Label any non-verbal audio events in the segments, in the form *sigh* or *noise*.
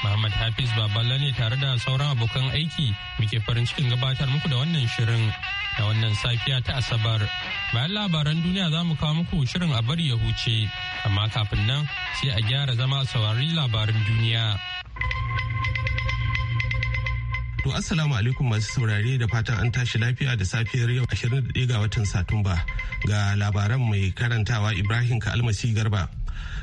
Muhammad Hafiz Baballa ne tare da sauran abokan aiki muke farin cikin gabatar muku da wannan shirin da wannan safiya ta Asabar. Bayan labaran duniya za mu kawo muku shirin a bari ya huce, amma kafin nan sai a gyara zama a saurari labaran duniya. To Assalamu alaikum masu saurare da fatan an tashi lafiya da safiyar yau 21 ga watan Satumba ga labaran mai karantawa Ibrahim Ka'almasi Garba.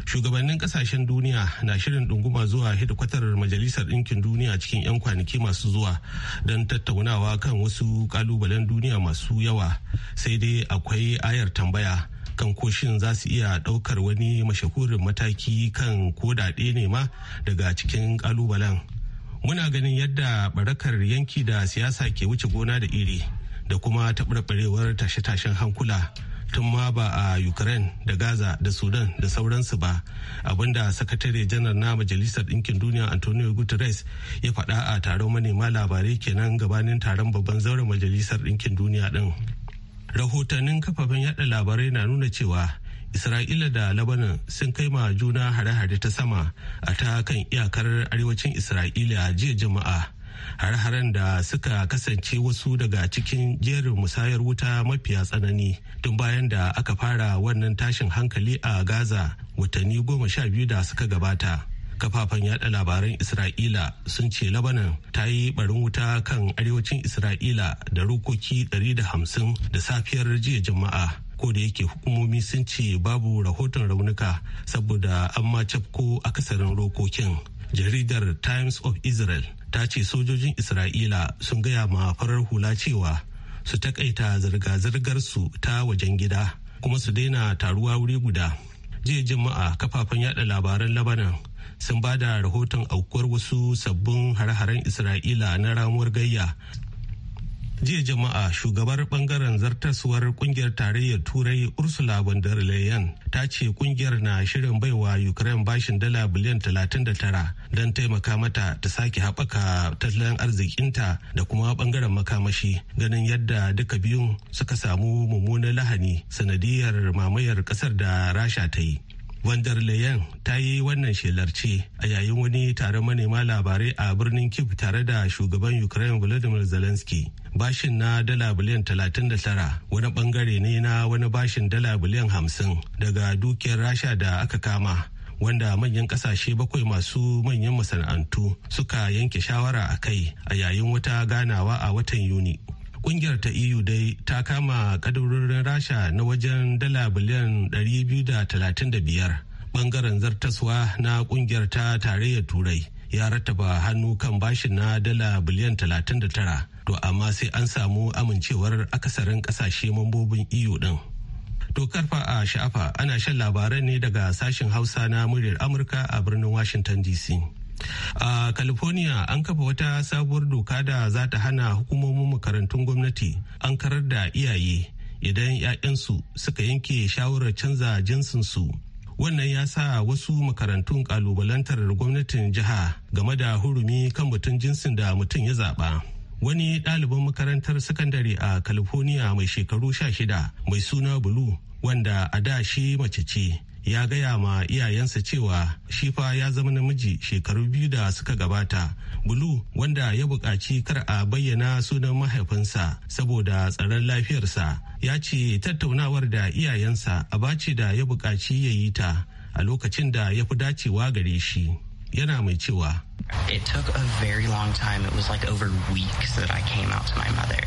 shugabannin kasashen duniya na shirin ɗunguma zuwa hidkwatar majalisar ɗinkin duniya cikin 'yan kwanaki masu zuwa don tattaunawa kan wasu kalubalen duniya masu yawa sai dai akwai ayar tambaya kan koshin za su iya ɗaukar wani mashahurin mataki kan kodaɗe ne ma daga cikin kalubalen muna ganin yadda barakar yanki da siyasa ke wuce gona da iri da kuma taɓarɓarewar tashe-tashen hankula tun ma ba a ukraine da gaza da sudan da sauransu ba abinda sakatare janar na majalisar ɗinkin duniya antonio guterres ya faɗa a taron manema labarai kenan gabanin taron babban zaure majalisar ɗinkin duniya ɗin rahotannin kafafen yada labarai na nuna cewa isra'ila da labanan sun kai ma juna hare-hare ta sama a ta kan iyakar arewacin isra'ila jiya jama'a har-haren da suka kasance wasu daga cikin jerin musayar wuta mafiya tsanani tun bayan da aka fara wannan tashin hankali a gaza watanni goma sha biyu da suka gabata kafafen yada labaran isra'ila sun ce labanan ta yi barin wuta kan arewacin isra'ila da rukoki 150 da safiyar jiya juma'a ko da yake hukumomi sun ce babu rahoton raunuka saboda an ma cafko akasarin rokokin jaridar times of israel ta ce sojojin isra'ila sun gaya ma farar hula cewa su takaita zirga-zirgar su ta wajen gida kuma su daina taruwa wuri guda jiya Juma'a kafafen yada labaran labanan sun ba da rahoton aukuwar wasu sabbin hare-haren isra'ila na ramuwar gayya jiya jama'a shugabar bangaren zartaswar kungiyar tarayyar turai ursula von der leyen ta ce kungiyar na shirin baiwa ukraine bashin dala biliyan 39 don taimaka mata ta sake haɓaka tattalin arzikinta da kuma bangaren makamashi ganin yadda duka biyun suka samu mummunan lahani sanadiyar mamayar ƙasar da rasha ta yi Van der Leyen ta yi wannan shelar a yayin wani taron manema labarai a birnin Kyiv tare da shugaban Ukraine Volodymyr Zelensky. bashin na dala biliyan 39 wani bangare ne na wani bashin dala biliyan 50 daga dukiyar rasha da aka kama wanda manyan kasashe bakwai masu manyan masana'antu suka yanke shawara a kai a yayin wata ganawa a watan yuni kungiyar ta eu dai ta kama kadurorin rasha na wajen dala biliyan 235 bangaren zartaswa na kungiyar ta tarayyar turai ya rattaba hannu kan bashin na dala biliyan tara. to amma sai an samu amincewar akasarin kasashe mambobin iyo e din to fa a sha'afa ana shan labaran ne daga sashen hausa na muryar amurka a birnin washington dc a california an kafa wata sabuwar doka da za ta hana hukumomin makarantun gwamnati an karar da iyaye idan 'ya'yansu suka yanke shawarar canza jinsinsu wannan ya sa wasu makarantun kalubalantar gwamnatin jiha game da hurumi kan mutum jinsin da mutum ya zaɓa. wani ɗaliban makarantar sakandare a california mai shekaru sha shida mai suna bulu wanda a da shi mace ce ya gaya ma iyayensa cewa shi fa ya zama namiji shekaru biyu da suka gabata bulu wanda ya buƙaci kar a bayyana sunan mahaifinsa saboda tsaron lafiyarsa ya ce tattaunawar da iyayensa a bace da ya buƙaci ya yi ta a lokacin da ya fi dacewa gare shi yana mai cewa It took a very long time. It was like over weeks that I came out to my mother.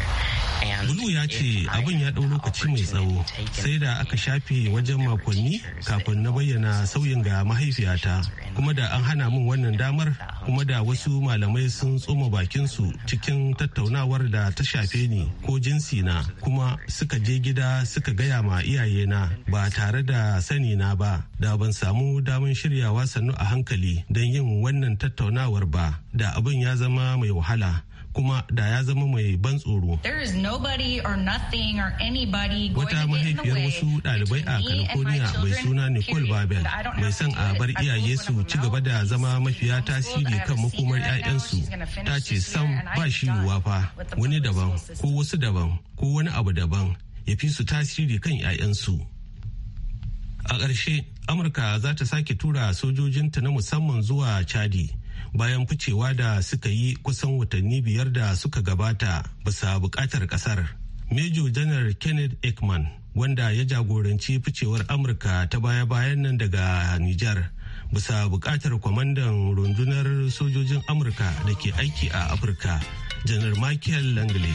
Bulu ya ce abin ya ɗau lokaci mai tsawo sai da aka shafe wajen makonni kafin na bayyana sauyin ga mahaifiyata kuma da an hana min wannan damar kuma da wasu malamai sun tsoma bakinsu cikin tattaunawar da ta shafe ni ko jinsi na kuma suka je gida suka gaya ma iyayena ba tare da sani na ba da ban samu damar shiryawa sannu a hankali don yin wannan tattaunawar ba da abin ya zama mai wahala kuma da ya zama mai ban tsoro. Wata mahaifiyar wasu ɗalibai a California mai suna Nicole Babel mai son a bar iyaye su ci gaba da zama mafiya tasiri kan makomar 'ya'yansu ta ce sam ba shi yiwuwa fa wani daban ko wasu daban ko wani abu daban ya fi su tasiri kan 'ya'yansu. A ƙarshe, Amurka za ta sake tura sojojinta na musamman zuwa Chadi. bayan ficewa da suka yi kusan watanni biyar da suka gabata bisa bukatar kasar. Major General Kenneth Ekman wanda ya jagoranci ficewar Amurka ta baya-bayan nan daga Nijar bisa bukatar kwamandan rundunar sojojin Amurka da ke aiki a Afirka, Janar Michael Langley.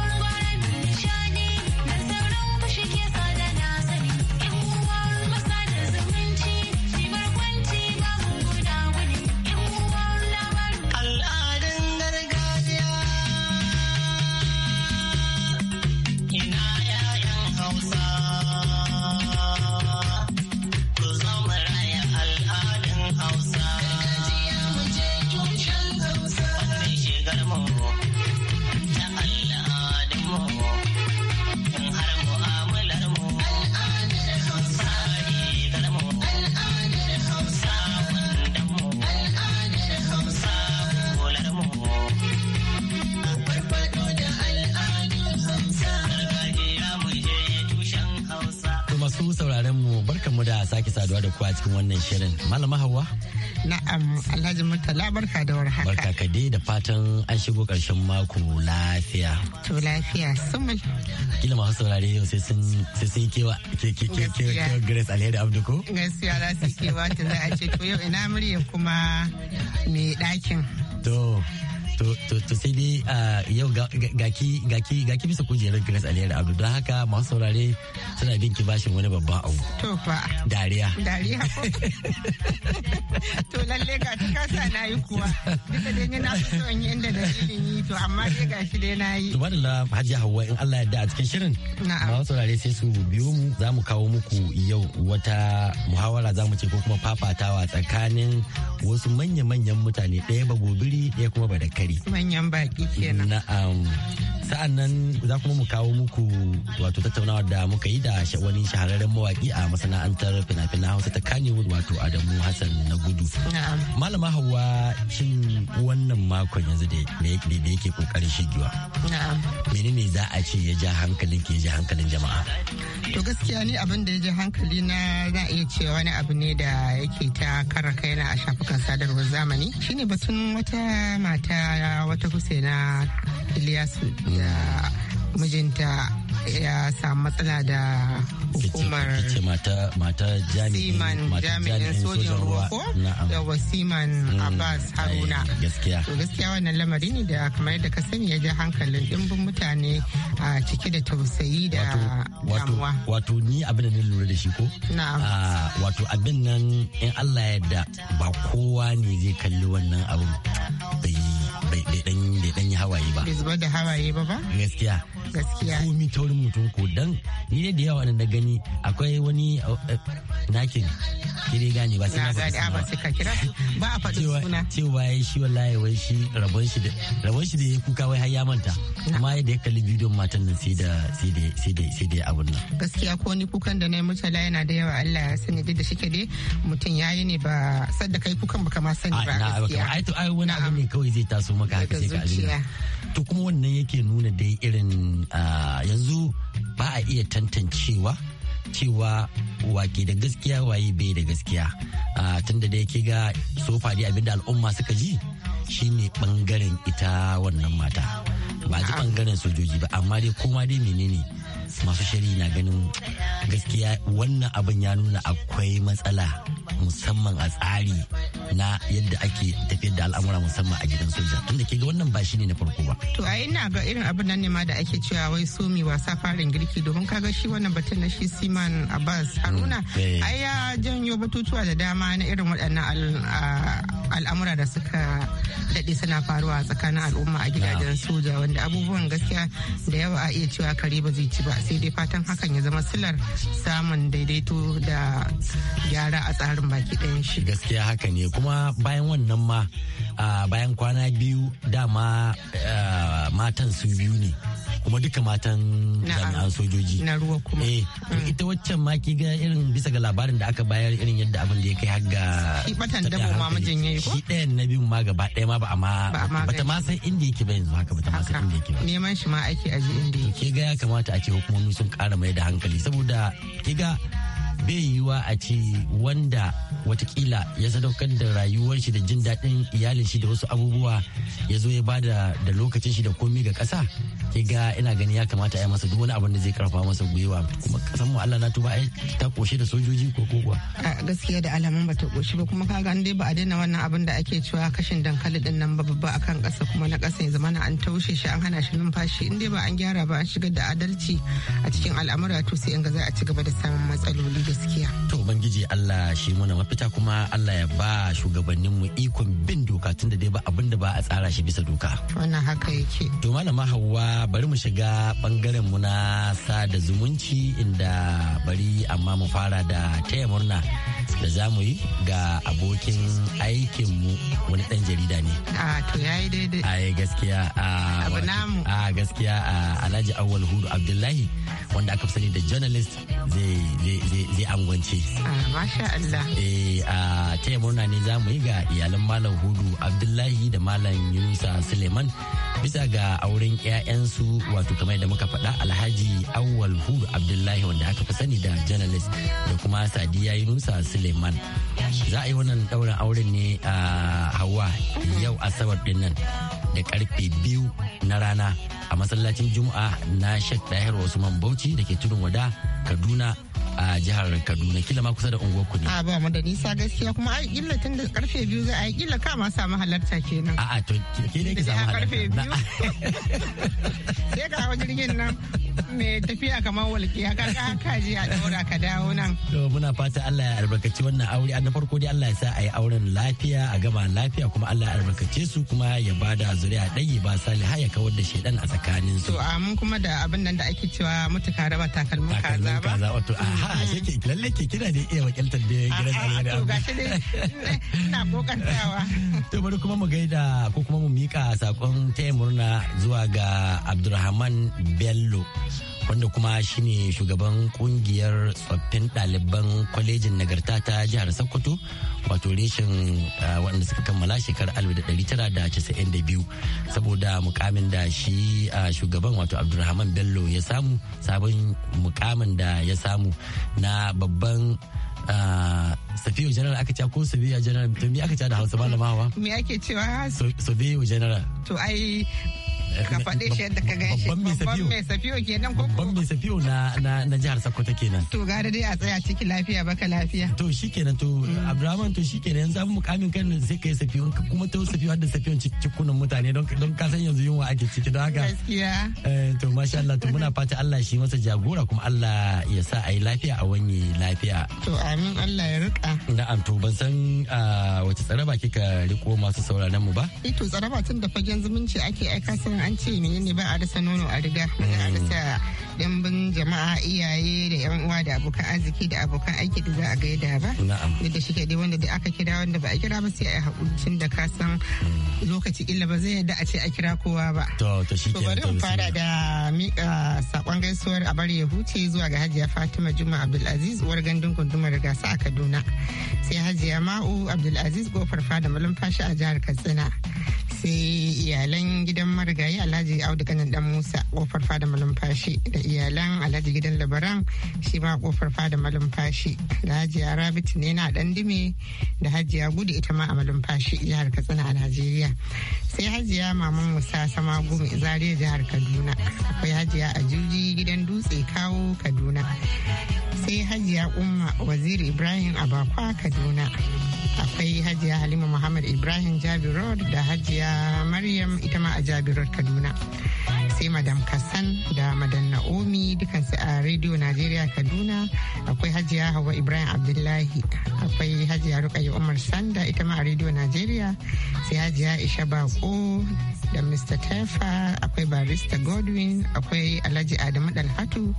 albarka ka dai da fatan an shigo karshen mako lafiya. To lafiya sumul. Kila masu saurare yau sai sun yi kewa kewa Grace Alheri Abdu ko? Gaskiya za su kewa ta za a ce to yau ina murya kuma mai ɗakin. To. to to sai dai yau gaki gaki gaki bisa kujerar Grace Aliyar abu. don haka masu saurare suna bin ki bashin wani babban abu. To fa. Dariya. Dariya. *laughs* To lalle ga ta kasa na yi kuwa. Duka dai so son inda dalilin yi to amma dai gashi dai na yi. To madalla Hajiya Hauwa in Allah ya yarda a cikin shirin. Na'am. Masu saurare sai su biyo mu za mu kawo muku yau wata muhawara za mu ce ko kuma fafatawa tsakanin wasu manya-manyan mutane ɗaya ba gobiri ɗaya kuma ba da kare. alheri manyan baki kenan na'am sa'an za kuma mu kawo muku wato tattaunawa da muka yi da wani shahararren mawaki a masana'antar fina fina hausa ta kanyewood wato adamu hassan na gudu malama Hauwa shin wannan makon yanzu da yake kokarin shigewa Mene ne za a ce ya ja hankalin ke ya ja hankalin jama'a to gaskiya ni abin da ya ja hankali na za a iya cewa wani abu ne da yake ta kara kaina a shafukan sadarwar zamani shine batun wata mata wata wata na Ilyasu ya mijinta ya samu matsala da hukumar mata jami'in sojin ruwa ko yawa siman mm, abbas haruna gaskiya to gaskiya wannan lamari ne da kamar yadda ka sani ya ja hankalin dimbin mutane a cike da tausayi da damuwa wato ni abin da na lura da shi ko wato abin nan in Allah ya yarda ba kowa ne zai kalli wannan abin bai bai ɗaiɗan hawaye ba bai zubar da hawaye ba ba gaskiya gaskiya komi taurin mutum ko dan ni ne da yawa na gani akwai wani nakin kire gane ba sai na gani ba sai ka kira ba a faɗi suna cewa ya shi wallahi wai shi rabon shi da rabon shi da ya kuka wai har ya manta kuma yadda ya kalli bidiyon matan nan sai da sai da sai da ya da nan gaskiya ko ni kukan da na yi mutala yana da yawa Allah ya sani duk da shike dai mutum ya yi ne ba sadda kai kukan baka ma sani ba ai to ai wani abu ne kawai zai taso maka haka sai ka alina. to kuma wannan yake nuna dai irin yanzu ba a iya tantancewa cewa wake da gaskiya waye bai da gaskiya tunda da yake ga sofa dai da al'umma suka ji shine ɓangaren ita wannan mata ba ji ɓangaren sojoji ba amma dai koma dai menene masu shari na ganin gaskiya wannan abin ya nuna akwai matsala musamman a tsari na yadda ake tafiyar da al'amura musamman a gidan soja tunda ke ga wannan ba shi ne na farko ba. To a ina ga irin abin nan ne ma da ake cewa wai so mi wasa farin girki domin kaga shi wannan batun na shi Siman Abbas Haruna mm, eh. ai janyo batutuwa da dama na irin waɗannan al'amura da suka daɗe suna faruwa a tsakanin al'umma a gidajen soja wanda abubuwan gaskiya da yawa a iya cewa kare ba zai ci ba sai dai fatan hakan ya zama silar samun daidaito da gyara a tsarin baki ɗayan shi gaskiya haka ne kuma bayan wannan ma bayan kwana biyu dama matan su biyu ne kuma duka matan jami'an sojoji na ruwa kuma eh mm. ita waccan ma ki ga irin bisa ga labarin da aka bayar irin yadda abin da ya kai har ga shi batan dabo ma mijin yayi ko shi ɗayan na biyun ma gaba ɗaya ma ba a ma bata ma san inda yake ba yanzu haka bata ma san inda yake ba neman shi ma ake aji inda yake ke ga ya kamata a ce hukumomi sun ƙara mai da hankali saboda ke ga bai yiwa a ce wanda watakila ya sadaukar da rayuwar shi da jin daɗin iyalin shi da wasu abubuwa ya zo ya bada da lokacin shi da komi ga ƙasa ga ina gani ya kamata a yi masa duk wani abin da zai karfa masa gwiwa kuma kasan mu Allah na tuba ai ta koshe da sojoji ko ko gaskiya da alamun ta koshi ba kuma kaga dai ba a daina wannan abin da ake cewa kashin dankali din nan ba babba akan ƙasa kuma na kasa ya zama na an taushe shi an hana shi numfashi in dai ba an gyara ba an shigar da adalci a cikin al'amura to sai in ga za a ci gaba da samun matsaloli da gaskiya to ubangiji Allah shi mana mafita kuma Allah ya ba shugabannin mu ikon bin doka tun da dai ba abin da ba a tsara shi bisa doka wannan haka yake to malama Hauwa bari mu shiga bangaren mu na sada zumunci inda bari amma mu fara da taya murna da za mu yi ga abokin aikin mu wani dan jarida ne a to yayi daidai a gaskiya a abu namu a gaskiya a Alhaji Awwal Hudu Abdullahi wanda aka fi sani da journalist zai je angwance. Ah, masha Allah. Eh a taya murna ne za mu yi ga iyalan Malam Hudu Abdullahi da Malam Yunusa Suleiman bisa ga auren 'ya'yansu wato kamar da muka faɗa Alhaji Awwal Hudu Abdullahi wanda aka fi sani da journalist da kuma Sadiya Yunusa Suleiman. Za a yi wannan ɗaurin auren ne a Hawa yau Asabar ɗin nan da karfe biyu na rana a masallacin Juma'a na Sheikh Dahir Usman Bauchi da ke tudun wada Kaduna a jihar Kaduna kila ma kusa da unguwar ku ne. A ba mu da nisa gaskiya kuma ai kila tun da karfe biyu za a yi kila ka ma samu halarta kenan. A'a to ke ne ki samu halarta. *laughs* Sai ga hawa jirgin nan. me tafiya kamar walƙiya ka kaji a ɗora ka dawo nan. To muna fata Allah ya albarkaci wannan aure na farko dai Allah ya sa a yi auren lafiya a gama lafiya kuma Allah ya albarkace su kuma ya ba da zuriya ɗaya ba saliha ya kawar da shaidan a tsakanin su. To amin kuma da abin nan da ake cewa mutuka raba takalmin kaza ba. kaza wato a mm. ashe ke lalle ke kina da iya wakiltar da gidan Allah. To shi dai ina kokantawa. to bari kuma mu gaida ko kuma mu mika sakon taya murna zuwa ga abdulrahman bello wanda kuma shine shugaban kungiyar tsoffin ɗaliban kwalejin nagarta ta jihar sokoto wato reshen waɗanda suka kammala shekarar 1992 saboda mukamin da shi shugaban wato abdulrahman bello ya samu sabon mukamin da ya samu na babban Ah, safiyo general aka ce ko sabiya general to me aka ce da hausa malama me ake cewa So sabiyo general to ai Eh, ka faɗe shi yadda ka gan shi babban mai safiyo kenan ko babban mai safiyo na na na jihar Sokoto kenan to gara dai a tsaya ciki lafiya baka lafiya to shikenan to mm. Abdulrahman to shikenan yanzu abin mukamin kan sai kai safiyo kuma ta safiyo da safiyon cikunan mutane don don ka san yanzu yunwa ake ciki don haka gaskiya eh to masha Allah to muna fata Allah shi masa jagora kuma Allah ya sa ayi lafiya a wani lafiya to amin Allah ya rika na'am to ban san ah, wace tsaraba kika riko masu sauraron mu ba eh to tsaraba tun da fagen zumunci ake aika san an ce menene ba a rasa nono a riga ba a mm. rasa dimbin jama'a iyaye da yan uwa da abokan arziki da abokan aiki da za a gaida ba da shi dai wanda da aka kira wanda ba a kira ba sai a yi tun da ka san mm. lokaci illa ba zai yadda a ce a kira kowa ba to bari mu fara da mika sakon gaisuwar a bari ya huce zuwa ga hajiya fatima juma abdulaziz uwar gandun gundumar gasa a kaduna sai hajiya ma'u abdulaziz gofar fada malumfashi a jihar katsina sai iyalan gidan marigayi marigayi alhaji audu kanin dan musa kofar fada malumfashi da iyalan alhaji gidan labaran shi ma kofar fada malumfashi da hajiya rabitu ne na dan dime da hajiya gudu ita ma a malumfashi jihar katsina a najeriya sai hajiya maman musa sama gumi zariya jihar kaduna akwai hajiya a juji gidan dutse kawo kaduna sai hajiya umma waziri ibrahim abakwa kaduna akwai hajiya halima muhammad ibrahim jabirod da hajiya maryam ita ma a jabirod kaduna sai madam kassan da madam naomi dukansu a radio najeriya kaduna akwai hajiya hawa ibrahim abdullahi akwai hajiya rukayi umar sanda ita ma a radio najeriya sai hajiya isha bako da mr taifa akwai barista godwin akwai alhaji adamu dalhatu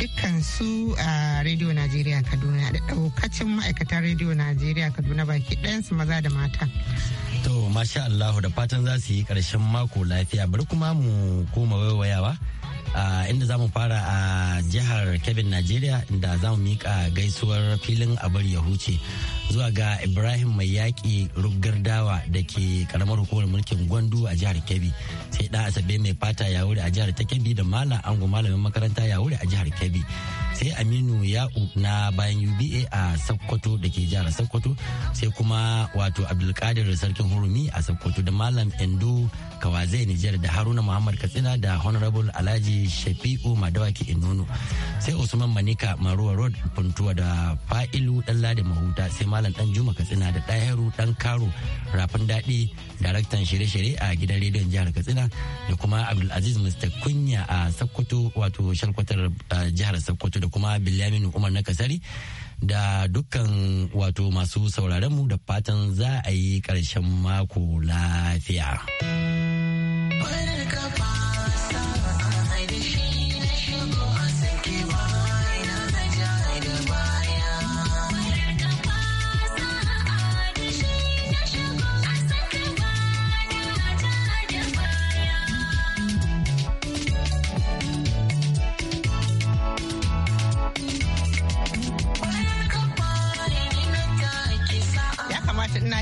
dukkansu a radio najeriya kaduna da daukacin ma'aikatan radio najeriya kaduna baki ɗayansu maza da mata to masha Allah, da fatan za su yi ƙarshen mako lafiya bari kuma mu koma waiwayawa inda za mu fara a jihar kebin najeriya inda za mu mika gaisuwar filin abar ya huce zuwa ga ibrahim mai yaƙi rugar dawa da ke karamar hukumar mulkin gwandu a jihar kebbi sai ɗan asabe mai fata ya wuri a jihar ta kebbi da mala ango malamin makaranta ya wuri a jihar kebbi sai aminu ya'u na bayan uba a sokoto da ke jihar sokoto sai kuma wato abdulkadir sarkin hurumi a sokoto da malam endo kawazai nijar da haruna muhammad katsina da honorable alhaji shafi'u madawaki inono sai usman manika maruwa road puntuwa da fa'ilu dan lade mahuta sai malam dan juma katsina da ɗahiru dan karo rafin daɗi daraktan shirye-shirye a gidan rediyon jihar katsina da kuma abdulaziz mr kunya a sokoto wato shalkwatar eh, jihar sokoto da da kuma Bilyamin Umar na Kasari da dukkan wato masu sauraronmu da fatan za a yi ƙarshen mako lafiya.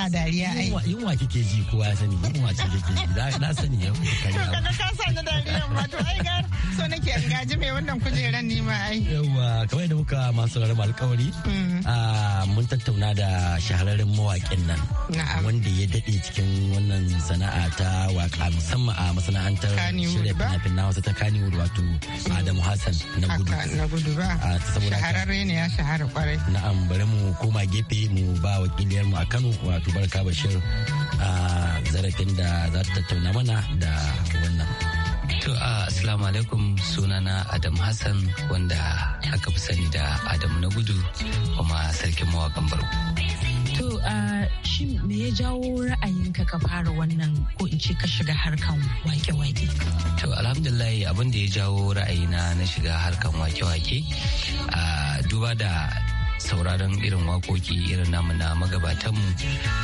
kana dariya ai yunwa kike ji kowa ya sani yunwa ce kike ji na sani yau to kaga ka sani dariya ma to ai gar so nake an gaji mai wannan kujeran ni ma ai Yawwa kamar da muka masu rarraba alƙawari mm. mun tattauna da shahararren mawaƙin nan wanda ya dade cikin wannan sana'a ta waka musamman a masana'antar shirya fina-finan wasu ta Kannywood wato Adamu Hassan na gudu na gudu ba shahararre ne ya shahara kwarai na'am bari mu koma gefe mu ba wakiliyar mu a Kano wato barka bashir a ah, zarafin da za ta tattauna mana da wannan to a ah, assalamu alaikum sunana adam hassan wanda aka fi sani da adamu na gudu kuma sarkin mawakan barko to a ah, shin me ya jawo ra'ayinka ka fara wannan ko in ce ka shiga harkan wake-wake to alhamdulillah abin da ya jawo ra'ayina na shiga harkan wake-wake duba da sauraron irin wakoki irin namu na magabatanmu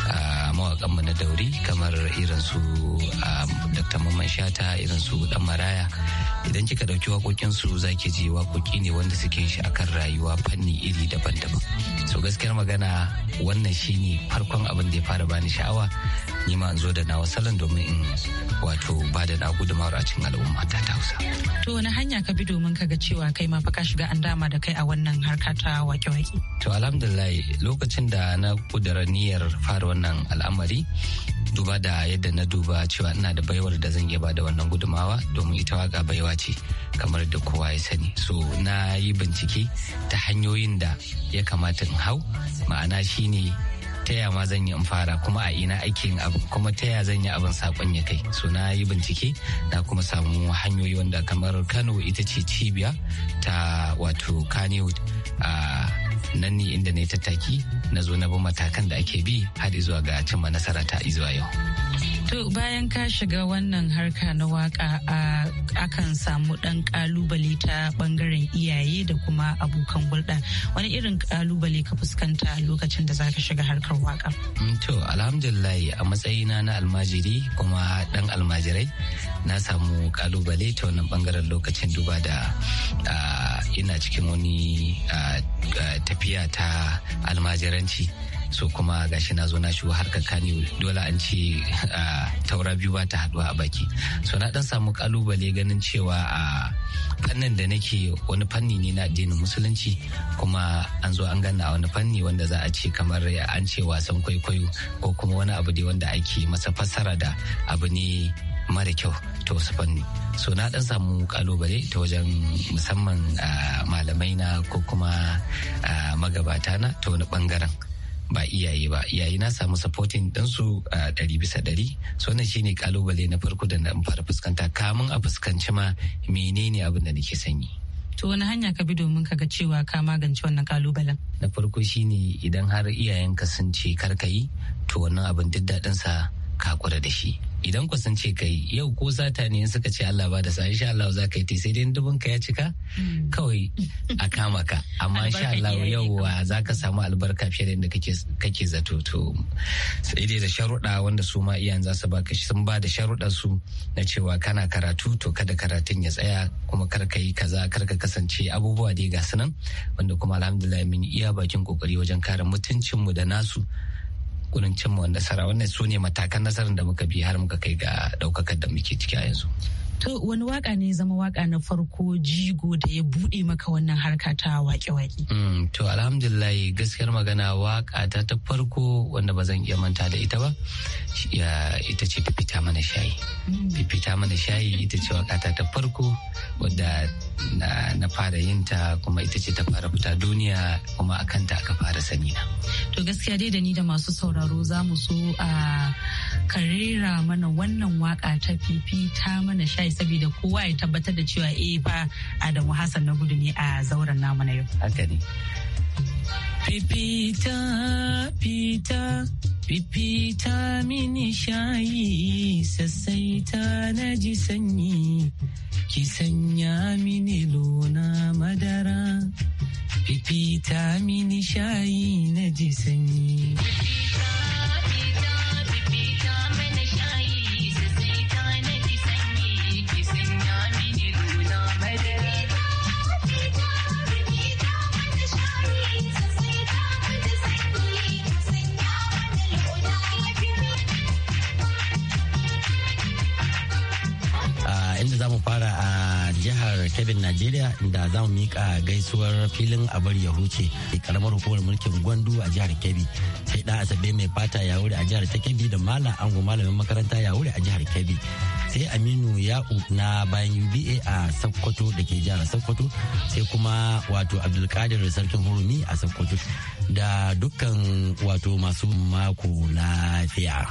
a mawakanmu na dauri kamar irin su dr mamman shata irin su dan maraya idan kika ɗauki wakokin su za ki ji waƙoƙi ne wanda suke shi akan rayuwa fanni iri daban-daban so gaskiyar magana wannan shine farkon abin da ya fara bani sha'awa ni in zo da nawa salon domin in wato ba da na gudumar a cikin al'umma ta hausa. To wani hanya ka bi domin ka ga cewa kai ma fa ka shiga an dama da kai a wannan harka ta wake-wake? To alhamdulillah lokacin da na kudura niyyar fara wannan al'amari duba da yadda na duba cewa ina da baiwar da zan iya da wannan gudumawa domin ita waka baiwa ce kamar da kowa ya sani so na yi bincike ta hanyoyin da ya kamata in hau ma'ana shine ta yaya ma zan yi in fara kuma a ina ake abu kuma ta yaya zan yi abin sakon ya kai so na yi bincike na kuma samu hanyoyi wanda kamar kano ita ce cibiya ta wato kanewood a nan ne inda na yi tattaki na zo na bi matakan da ake bi har zuwa ga cimma nasara ta izuwa yau. To bayan ka shiga wannan harka na waka akan samu ɗan kalubale ta bangaren iyaye da kuma abokan hulɗa. Wani irin kalubale ka fuskanta lokacin da zaka shiga harkar waka? Mm, to alhamdulillah a matsayina na almajiri kuma ɗan almajirai na samu kalubale ta wannan bangaren lokacin duba da ina cikin wani tafiya ta almajiranci. so kuma gashi na zo na shigo harkar kani dole an ce taura biyu ba ta haduwa a baki so na dan samu kalubale ganin cewa a fannin da nake wani fanni ne na addinin musulunci kuma an zo an ganna wani fanni wanda za a ce kamar an ce wasan kwaikwayo ko kuma wani abu dai wanda ake masa fassara da abu ne mara kyau ta wasu fanni so na dan samu kalubale ta wajen musamman malamai na ko kuma magabata na ta wani bangaren ba iyaye ba iyaye na samu supporting ɗansu a ɗari bisa ɗari so wannan shine kalubale na farko da na fara fuskanta kamun a fuskanci ma menene abin da nake sanyi to wani hanya ka bi domin ka ga cewa ka magance wannan kalubalen na farko shine idan har iyayenka sun ce kar ka yi, to wannan abin duk daɗinsa ka kura da shi idan ku san ce kai yau ko sata ne suka ce Allah ba da sa insha Allah za ka yi sai dai dubun ka ya cika mm. kawai a kama ka amma insha Allah wa za ka samu albarka fiye da inda kake zato to sai dai da sharuɗa wanda su ma iyayen za su baka sun ba da sharuɗa su na cewa kana karatu to kada karatun ya tsaya kuma kar ka yi kaza kar ka kasance abubuwa dai ga sunan wanda kuma alhamdulillah mun iya bakin kokari wajen kare mu da nasu gurin cimma nasara wannan su matakan nasarar da muka bi har muka kai ga daukakar da muke ciki a yanzu To wani waka ne zama waka na farko jigo da ya buɗe maka wannan harka ta waƙe-waƙe? Mm, to alhamdulillah gaskiyar magana waka ta ta farko wanda ba zan iya manta da ita ba ita ce fifita mana shayi. Mm. Fifita mana shayi ita ce waka ta ta farko wadda na fara yin ta kuma ita ce ta fara fita duniya kuma akan ta aka fara sani na. To gaskiya dai da ni da masu sauraro za mu so a karera mana wannan waka ta fifita mana shayi za saboda kowa ya tabbatar da cewa eh fa Adamu Hassan na gudu ne a zauren namu na yau. Haka ne. Fifita, fita, fifita mini shayi, sassaita na ji sanyi, ki sanya mini lona madara, fifita mini shayi na ji sanyi. za mu fara a jihar Kebbi Najeriya inda za mu mika gaisuwar filin abar ya huce karamar hukumar mulkin Gwandu a jihar Kebbi sai ɗan Asabe mai fata ya wuri a jihar ta Kebbi da Malam Ango malamin makaranta ya wuri a jihar Kebbi sai Aminu Ya'u na bayan UBA a Sokoto da ke jihar Sokoto sai kuma wato Abdulkadir Sarkin Hurumi a Sokoto da dukkan wato masu mako fiya.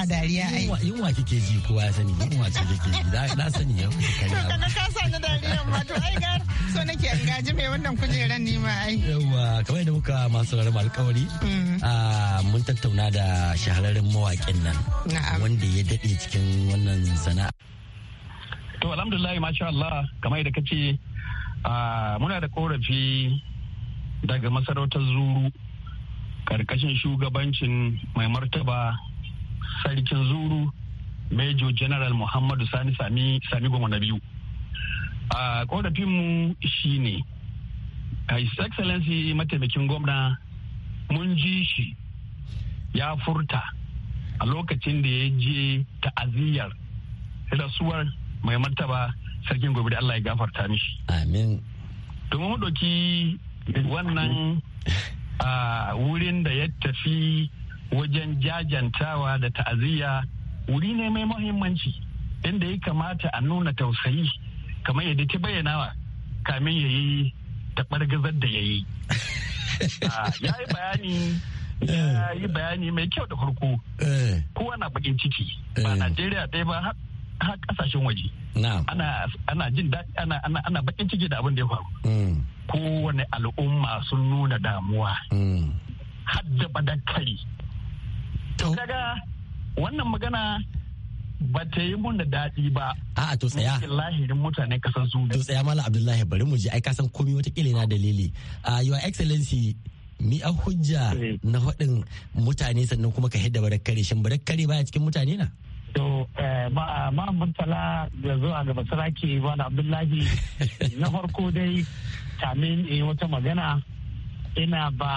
kana dariya ai yunwa kike ji kowa ya sani yunwa ce kike ji na sani yau to kana ka sa ni dariya ma to ai gar so nake in gaji mai wannan kujeran ni ma ai yawa kamar da muka masu rarar alkawari mm. mun tattauna da shahararren mawaƙin nan wanda ya daɗe cikin wannan sana'a to alhamdulillah masha Allah kamar yadda kace muna da korafi daga masarautar zuru karkashin shugabancin mai martaba sarkin zuru major general muhammadu sani sami sami goma na biyu a shi shine his excellency mataimakin gwamna mun ji shi ya furta a lokacin da ya je ta'aziyar rasuwar mai martaba sarkin gobe da Allah ya gafarta mishi. Amin. Domin hudoki wannan wurin da ya tafi wajen jajantawa da ta'aziyya wuri ne mai muhimmanci inda ya kamata a nuna tausayi kamar yadda ta bayyanawa kamin ya yi taɓar da ya yi *laughs* ah, ya yi bayani ya eh. yi bayani mai kyau da farko eh. kowa na bakin ciki ba eh. najeriya ɗaya ba har kasashen waje ana jin daɗi ana bakin ciki da abin da ya faru mm. kowane al'umma sun nuna damuwa mm. hadda badakari To kaga wannan magana ba ta yi mun da daɗi ba. A'a to tsaya. lahirin mutane kasan su. To tsaya Malam Abdullahi bari mu je ai ka san komai wata kila na dalili. Uh, Your Excellency mi a hujja na faɗin mutane sannan kuma ka hidda barar kare shin barar kare baya cikin mutane na? To eh, Muhammad Sala da gaba ga ba da Abdullahi *laughs* na farko dai tamin wata magana ina ba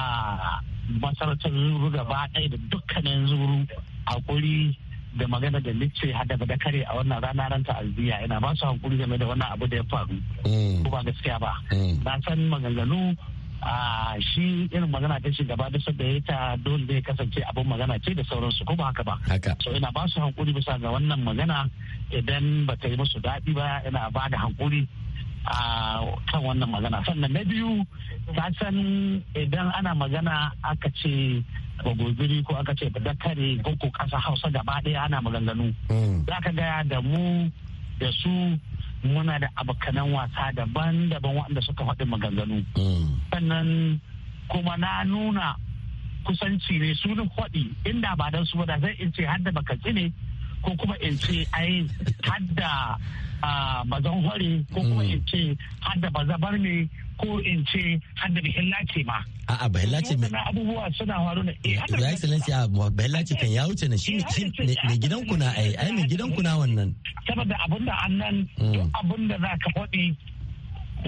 masarautar zuru gaba ɗaya da dukkanin zuru hakuri da magana da lice hada da kare a wannan rana ran alziya ina ba su hakuri game da wannan abu da ya faru mm. ko ba gaskiya ba mm. na san maganganu a shi irin magana ta shi gaba da da ya ta dole zai kasance abin magana ce da sauransu ko ba haka ba so ina ba su hankuri bisa ga wannan magana idan ba ta yi musu daɗi ba ina ba da hankuri a kan wannan magana sannan na biyu ta san idan ana magana aka ce bagobiri ko aka ce dakare ko ƙasa kasa hausa gaba ɗaya ana maganganu hmm. za ka gaya da mu da su muna da abokanan wasa daban-daban waɗanda suka faɗi maganganu hmm. sannan kuma na nuna kusanci ne su ni faɗi inda ba don su ba da zai in ce har da baka ne ko kuma in ce ai hadda a bazan hore ko kuma hmm. in ce hadda da bazabar ne ko in ce hadda da bihilla ce ma. A'a bihilla ce mai. abubuwa suna faru ne. Ya eh, excellency a bihilla ce kan ya wuce eh, ne shi ne gidan na ai ai ne gidan na wannan. Saboda abin da annan hmm. duk abin da za ka faɗi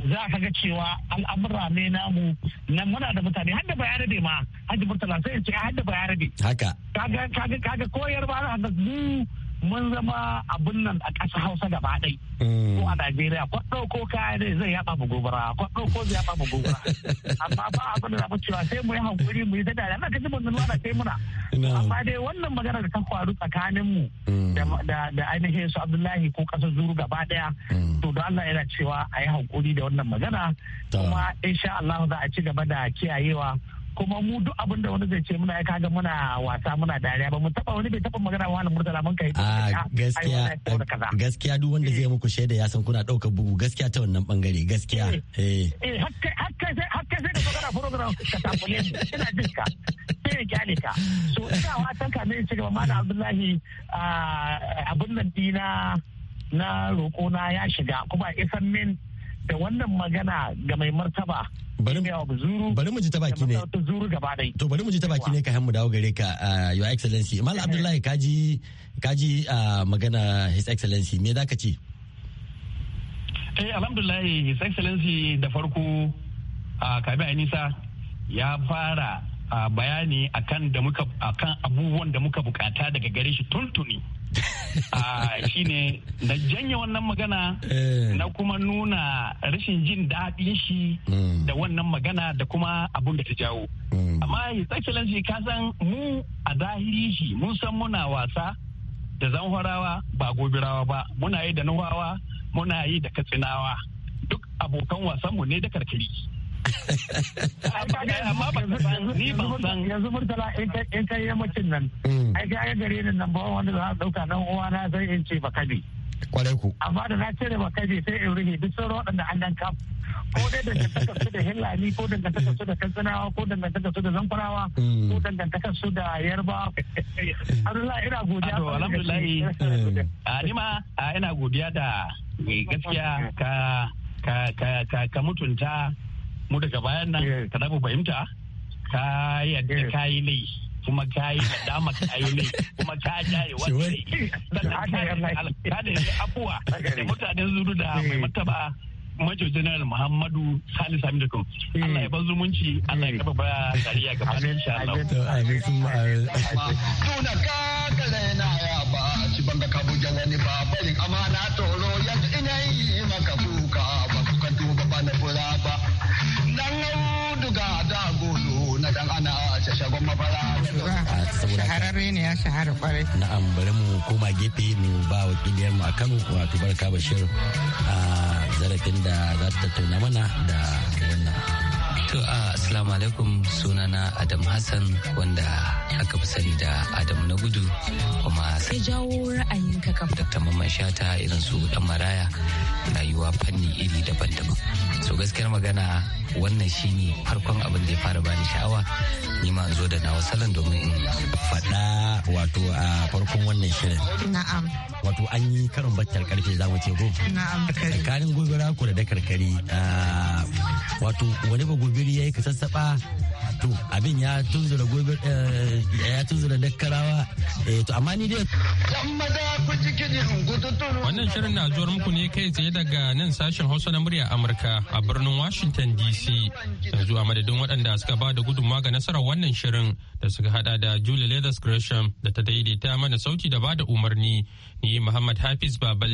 za ka ga cewa al'amura ne namu nan muna da mutane hadda ba ya da ma hadda murtala sai in ce hadda da bayar Haka. Kaga kaga koyar ba za ka mun zama abun nan a ƙasa hausa gaba ɗai mm. ko a najeriya ko ɗauko kaya zai yaɓa mu gobara ko zai yaɓa mu gobara *laughs* amma ba abin da zamu cewa sai mu yi hankuri mu yi ta dariya na kaji mun da sai muna amma dai wannan magana da ta faru tsakanin mu mm. da ainihin su abdullahi ko ƙasar zuru gaba ɗaya mm. to don allah yana cewa a yi hankuri da wannan magana kuma in sha allah za a ci gaba da kiyayewa kuma mu duk abin da wani zai ce muna ya kaga muna wasa muna dariya ba mu taba wani bai taba magana wani murtala mun kai ah, gaskiya ah, gaskiya duk wanda eh. zai muku shaida ya san kuna daukar bugu gaskiya ta wannan bangare gaskiya eh, eh. eh hakka sai hakka sai da program ka tafule ina jin ka sai ya ne ka so ina watan ka ne shi ga malam Abdullahi ah, abin nan dina na roƙo na ya shiga kuma isan min da wannan magana ga mai martaba bari mu ji ta baki ne to bari mu ji ta baki ne ka mu dawo gare ka uh, your excellency mal eh. abdullahi kaji kaji uh, magana his excellency me zaka ce eh alhamdulillahi his excellency da farko a uh, kabi nisa ya fara bayani akan da muka akan abubuwan da muka bukata daga gare shi tuntuni *laughs* Ah, shine na janye wannan magana eh. na kuma nuna rashin jin daɗin shi hmm. da wannan magana da kuma abun da ta jawo hmm. amma his shi ka san mu a zahiri shi mun san muna wasa da zanhorawa ba gobirawa ba muna yi da nuhawa muna yi da katsinawa duk abokan wasanmu ne da karkari amma ba ni murtala nan hmm. ai kai gare ni nan ba wanda a dauka nan uwa na sai in ce baka kwarai amma da na cire sai in rufe duk sauran waɗanda an dan kam ko dai su da hillani ko su da kanzanawa, ko su da zamfarawa hmm. ko su da yarba alhamdulillah ina godiya a hmm. ah, ah, godiya da gaskiya ka ka mutunta mu daga bayan nan eh. ka mu fahimta ka yadda eh. ka yi ne kuma ka yi da dama ka yi ne kuma ka jaye wanda ka da abuwa da mutanen zuru da mai eh. mataba Major General Muhammadu Salis Sami Allah ya ban zumunci, Allah ya ba dariya ga fadin insha Allah. Amin kuma amin. Kuna kakale na ya ba, ci banga kabuja wani ba, barin amana toro yanzu ina yi ne ya shahara kwarai. Na'am bari mu koma gefe mu ba wakiliyar mu a Kano wato Barka Bashir a zarafin da za ta tattauna mana da wannan. To a asalamu alaikum sunana Adam Hassan wanda aka fi sani da Adam na gudu kuma sai jawo ra'ayin ka kan Dr. Mamman Shata irin su dan maraya rayuwa fanni iri daban-daban. So gaskiyar magana wannan shine farkon abin da ya fara bani sha'awa ni ma zo da nawa salon domin in faɗa wato a farkon wannan shirin. Na'am. Wato an yi karin battar karfe za mu ce go. Na'am. Tsakanin gobe da dakarkari wato wani ba gobiri ya yi ka sassaɓa to abin ya tunzura gobir eh, ya tunzura dakkarawa eh, to amma ni dai wannan shirin na zuwar muku ne kai tsaye daga nan sashen hausa na murya amurka a birnin washington dc yanzu a madadin waɗanda suka ba da gudunmawa ga nasarar wannan shirin da suka hada da julie leathers gresham da ta daidaita mana sauti da ba da umarni ni muhammad hafiz babal